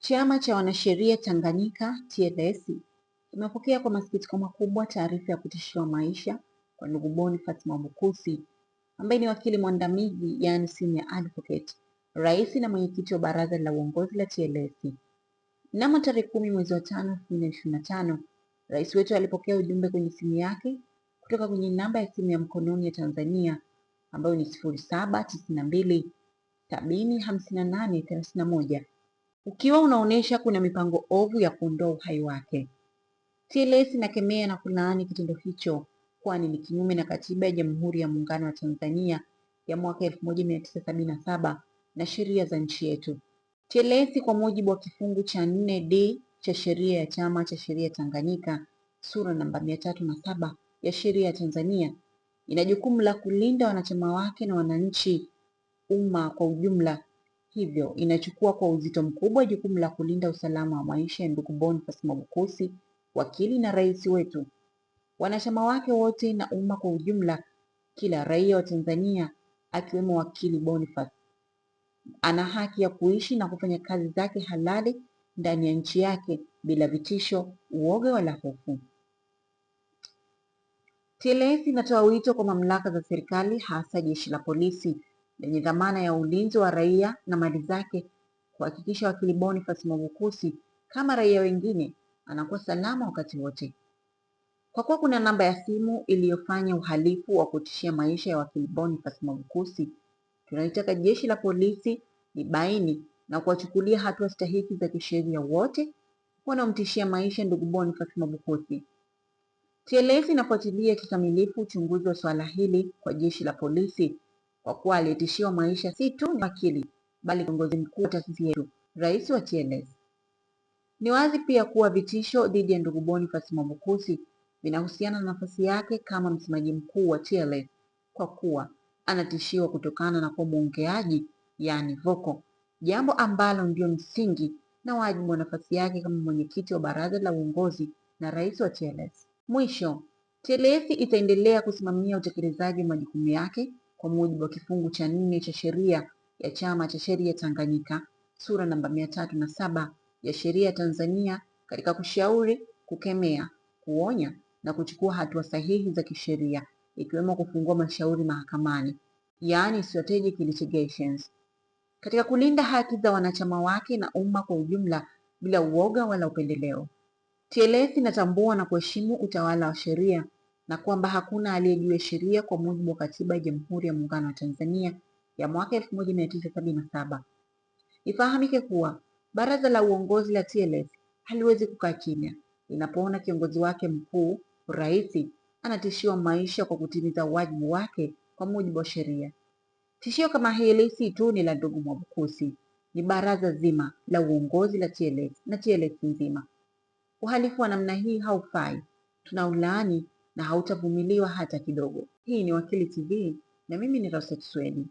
Chama cha Wanasheria Tanganyika TLS kimepokea kwa masikitiko makubwa taarifa ya kutishiwa maisha kwa ndugu fatima Mukusi ambaye ni wakili mwandamizi yani senior advocate, rais na mwenyekiti wa baraza la uongozi la TLS. Mnamo tarehe kumi mwezi wa tano tano rais wetu alipokea ujumbe kwenye simu yake kutoka kwenye namba ya simu ya mkononi ya Tanzania ambayo ni 0792 705831 ukiwa unaonyesha kuna mipango ovu ya kuondoa uhai wake. TLS inakemea na kulaani kitendo hicho kwani ni kinyume na Katiba ya Jamhuri ya Muungano wa Tanzania ya mwaka 1977 na sheria za nchi yetu. TLS kwa mujibu wa kifungu cha 4D cha sheria ya Chama cha Sheria Tanganyika sura namba 307 ya sheria ya Tanzania ina jukumu la kulinda wanachama wake na wananchi umma kwa ujumla hivyo inachukua kwa uzito mkubwa jukumu la kulinda usalama wa maisha ya ndugu Boniface Mwabukusi, wakili na rais wetu, wanachama wake wote na umma kwa ujumla. Kila raia wa Tanzania akiwemo wakili Boniface ana haki ya kuishi na kufanya kazi zake halali ndani ya nchi yake bila vitisho, uoga wala hofu. TLS inatoa wito kwa mamlaka za serikali hasa jeshi la polisi lenye dhamana ya ulinzi wa raia na mali zake, kuhakikisha wakili Boniface Mwabukusi kama raia wengine anakuwa salama wakati wote. Kwa kuwa kuna namba ya simu iliyofanya uhalifu wa kutishia maisha ya wakili Boniface Mwabukusi, tunalitaka jeshi la polisi libaini na kuwachukulia hatua stahiki za kisheria wote wanaomtishia maisha ndugu Boniface Mwabukusi. TLS inafuatilia kikamilifu uchunguzi wa suala hili kwa jeshi la polisi kwa kuwa aliyetishia maisha si tu ni wakili bali kiongozi mkuu wa taasisi yetu, rais wa TLS. Ni wazi pia kuwa vitisho dhidi ya ndugu Boniface mabukusi vinahusiana na nafasi yake kama msemaji mkuu wa TLS kwa kuwa anatishiwa kutokana na kuwa mwongeaji, yaani voko, jambo ambalo ndio msingi na wajibu wa nafasi yake kama mwenyekiti wa baraza la uongozi na rais wa TLS. Mwisho, TLS itaendelea kusimamia utekelezaji wa majukumu yake kwa mujibu wa kifungu cha nne cha sheria ya Chama cha Sheria Tanganyika sura namba mia tatu na saba ya sheria ya Tanzania katika kushauri, kukemea, kuonya na kuchukua hatua sahihi za kisheria ikiwemo kufungua mashauri mahakamani, yaani strategic litigations, katika kulinda haki za wanachama wake na umma kwa ujumla bila uoga wala upendeleo. TLS inatambua na kuheshimu utawala wa sheria na kwamba hakuna aliyejua sheria kwa mujibu wa Katiba ya Jamhuri ya Muungano wa Tanzania ya mwaka 1977. Ifahamike kuwa Baraza la Uongozi la TLS haliwezi kukaa kimya linapoona kiongozi wake mkuu, rais, anatishiwa maisha kwa kutimiza wajibu wake kwa mujibu wa sheria. Tishio kama hili si tu ni la ndugu Mwabukusi, ni baraza zima la uongozi la TLS na TLS nzima. Uhalifu wa namna hii haufai, tunaulaani na hautavumiliwa hata kidogo. Hii ni Wakili TV na mimi ni Roset Swedi.